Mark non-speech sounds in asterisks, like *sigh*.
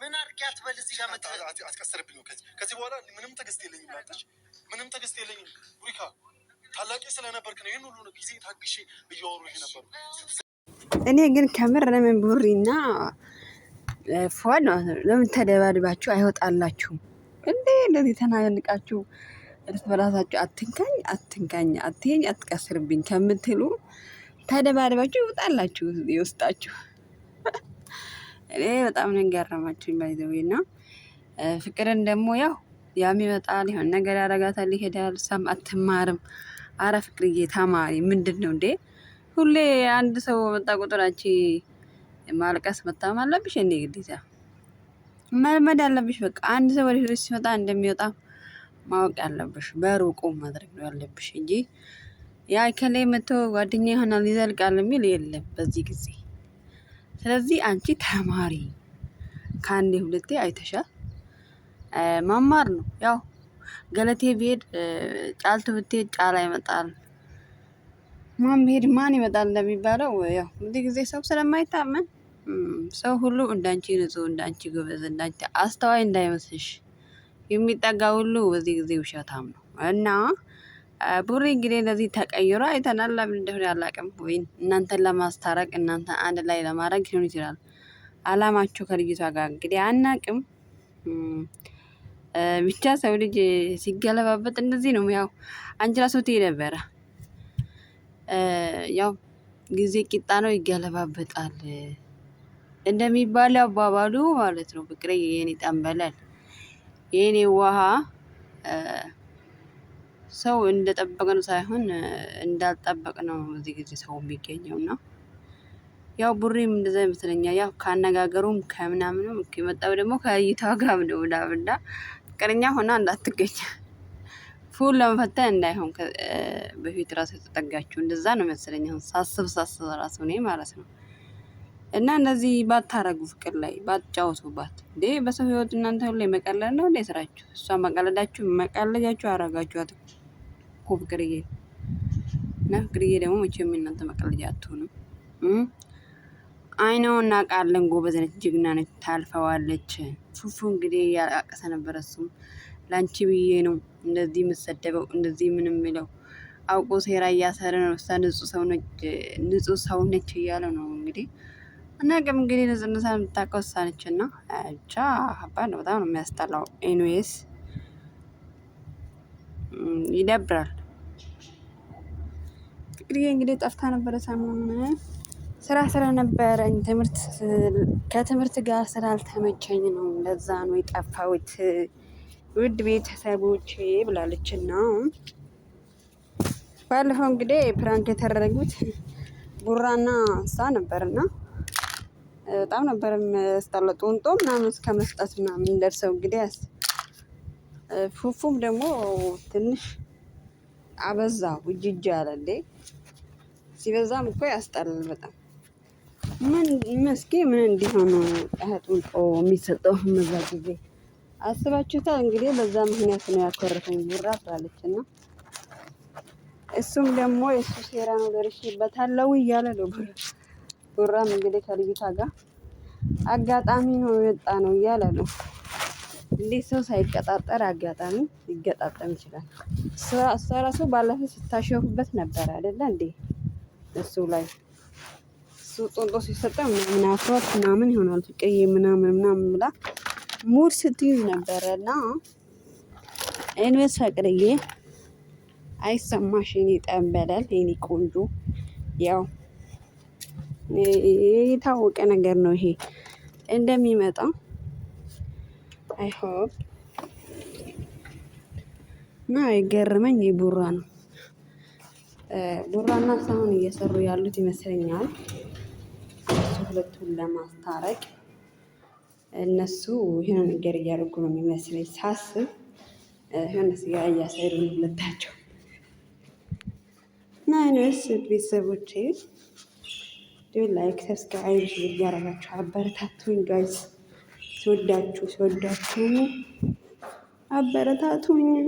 ምን አድርጌ አትበል። እዚህ ጋር መጣ አትቀስርብኝ። ከዚህ በኋላ ምንም ትዕግስት የለኝም፣ ማለች ምንም ትዕግስት የለኝም። ሪካ ታላቂ ስለነበርክ ነው ይህን ሁሉ ጊዜ ታግሼ እያወሩ ይሄ ነበሩ። እኔ ግን ከምር ለምን ቡሪና ፏል ለምን ተደባድባችሁ አይወጣላችሁም እንዴ? እንደዚህ ተናንቃችሁ እርስ በራሳችሁ አትንካኝ አትንካኝ አትሄኝ አትቀስርብኝ ከምትሉ ተደባድባችሁ ይወጣላችሁ የውስጣችሁ እኔ በጣም ነው ያረማችሁኝ ባይዘዌ እና ፍቅርን ደግሞ ያው ያም ይመጣል የሆነ ነገር ያረጋታል ይሄዳል። ሳም አትማርም። አረ ፍቅርዬ ተማሪ ምንድን ነው እንዴ? ሁሌ አንድ ሰው መጣ ቁጥር አንቺ ማልቀስ መታም አለብሽ እንዴ? ግዴታ መልመድ አለብሽ። በቃ አንድ ሰው ወደ ህይወት ሲመጣ እንደሚወጣ ማወቅ ያለብሽ በሩቁ ማድረግ ነው ያለብሽ እንጂ ያ ከላይ መጥቶ ጓደኛ ይሆናል ይዘልቃል የሚል የለም በዚህ ጊዜ ስለዚህ አንቺ ተማሪ ከአንዴ ሁለቴ አይተሻል። መማር ነው ያው ገለቴ ብሄድ ጫልቱ ብትሄድ ጫላ ይመጣል። ማን ብሄድ ማን ይመጣል እንደሚባለው ያው ሁሉ ጊዜ ሰው ስለማይታመን ሰው ሁሉ እንዳንቺ ንጹ እንዳንቺ ጎበዝ፣ እንዳንቺ አስተዋይ እንዳይመስልሽ የሚጠጋ ሁሉ በዚህ ጊዜ ውሸታም ነው እና ቡሪ እንግዲህ እንደዚህ ተቀይሮ አይተናል። ለምን እንደሆነ አላውቅም። ወይም እናንተን ለማስታረቅ እናንተ አንድ ላይ ለማድረግ ሊሆን ይችላል አላማቸው ከልጅቷ ጋር እንግዲህ አናውቅም። ብቻ ሰው ልጅ ሲገለባበጥ እንደዚህ ነው። ያው አንቺ ራሱ ትይ ነበረ። ያው ጊዜ ቂጣ ነው፣ ይገለባበጣል እንደሚባለው አባባሉ ማለት ነው። ፍቅሬ የኔ ጠንበላል የኔ ውሃ ሰው እንደጠበቅነው ሳይሆን እንዳልጠበቅነው እዚህ ጊዜ ሰው የሚገኘው እና ያው ቡሬም እንደዛ ይመስለኛል። ያው ከአነጋገሩም ከምናምንም የመጣው ደግሞ ከእይታዋ ጋር ነው ምናምን ፍቅረኛ ሆና እንዳትገኝ *laughs* ፉል ለመፈተን እንዳይሆን በፊት ራሱ የተጠጋችው እንደዛ ነው መሰለኝ። አሁን ሳስብ ሳስብ ራሱ እኔ ማለት ነው እና እንደዚህ ባታረጉ ፍቅር ላይ ባትጫወቱባት እንዴ በሰው ህይወት እናንተ ሁሌ መቀለድ ነው እንዴ ስራችሁ? እሷ መቀለዳችሁ መቀለጃችሁ አረጋችኋት። እኮ ፍቅርዬ እና ፍቅርዬ ደግሞ መቼም የእናንተ መቀለጃ አትሆንም። አይነው እናውቃለን። ጎበዝ ነች፣ ጀግና ነች፣ ታልፈዋለች። ፉፉ እንግዲህ ያለቃቀሰ ነበረ። እሱም ለአንቺ ብዬ ነው እንደዚህ የምሰደበው እንደዚህ ምን የምለው አውቆ ሴራ እያሰረ ነው። እሷ ንጹሕ ሰው ነች እያለ ነው እንግዲህ እና ቅም እንግዲህ ንጽህና የምታውቀው እሷ ነች። እና ብቻ ከባድ ነው፣ በጣም ነው የሚያስጠላው። ኤንዌስ ይደብራል። እድጌ እንግዲህ ጠፍታ ነበረ። ሰሞኑን ስራ ስራ ነበረኝ ትምህርት ከትምህርት ጋር ስላልተመቸኝ ነው። ለዛ ነው የጠፋሁት ውድ ቤተሰቦች ብላለች ነው ባለፈው እንግዲህ ፕራንክ የተደረጉት ቡራና እሷ ነበርና በጣም ነበር ስታለ ጦንጦ ምናምን እስከ መስጠት ምናምን ደርሰው እንግዲህ ፉፉም ደግሞ ትንሽ አበዛው እጅ እጅ አለ እንዴ ሲበዛም እኮ ያስጠላል በጣም። ምን መስኪ ምን እንዲሆኑ ጣህጡንጦ የሚሰጠው መዛ ጊዜ አስባችሁታል? እንግዲህ በዛ ምክንያት ነው ያኮረፈኝ ቡራ ትላለች እና እሱም ደግሞ የእሱ ሴራ ነው ደርሼበታለሁ እያለ ነው። ቡራም እንግዲህ ከልዩታ ጋር አጋጣሚ ነው የወጣ ነው እያለ ነው። እንዴት ሰው ሳይቀጣጠር አጋጣሚ ሊገጣጠም ይችላል? እሷ እራሱ ባለፈው ስታሸፉበት ነበር አይደለ እንዴ? እሱ ላይ እሱ ጦንጦ ሲሰጠ ምናምን አፍሯት ምናምን ይሆናል ፍቅርዬ ምናምን ምናምን ብላ ሙድ ስትይዝ ነበረ እና ኤንዌስ ፍቅርዬ አይሰማሽ ኔ ጠንበለል ቆንጆ ያው የታወቀ ነገር ነው ይሄ እንደሚመጣ አይሆብ እና የገረመኝ የቡራ ነው ቡራና ሳሁን እየሰሩ ያሉት ይመስለኛል። እሱ ሁለቱን ለማስታረቅ እነሱ የሆነ ነገር እያደረጉ ነው የሚመስለኝ ሳስብ፣ የሆነ ስጋ እያሳይሩ ነው ሁለታቸው። ናይነስ ቤተሰቦቼ ላይክ ሰብስክራይብ እያደረጋችሁ አበረታቱኝ ጋይስ። ሲወዳችሁ ሲወዳችሁ አበረታቱኝ።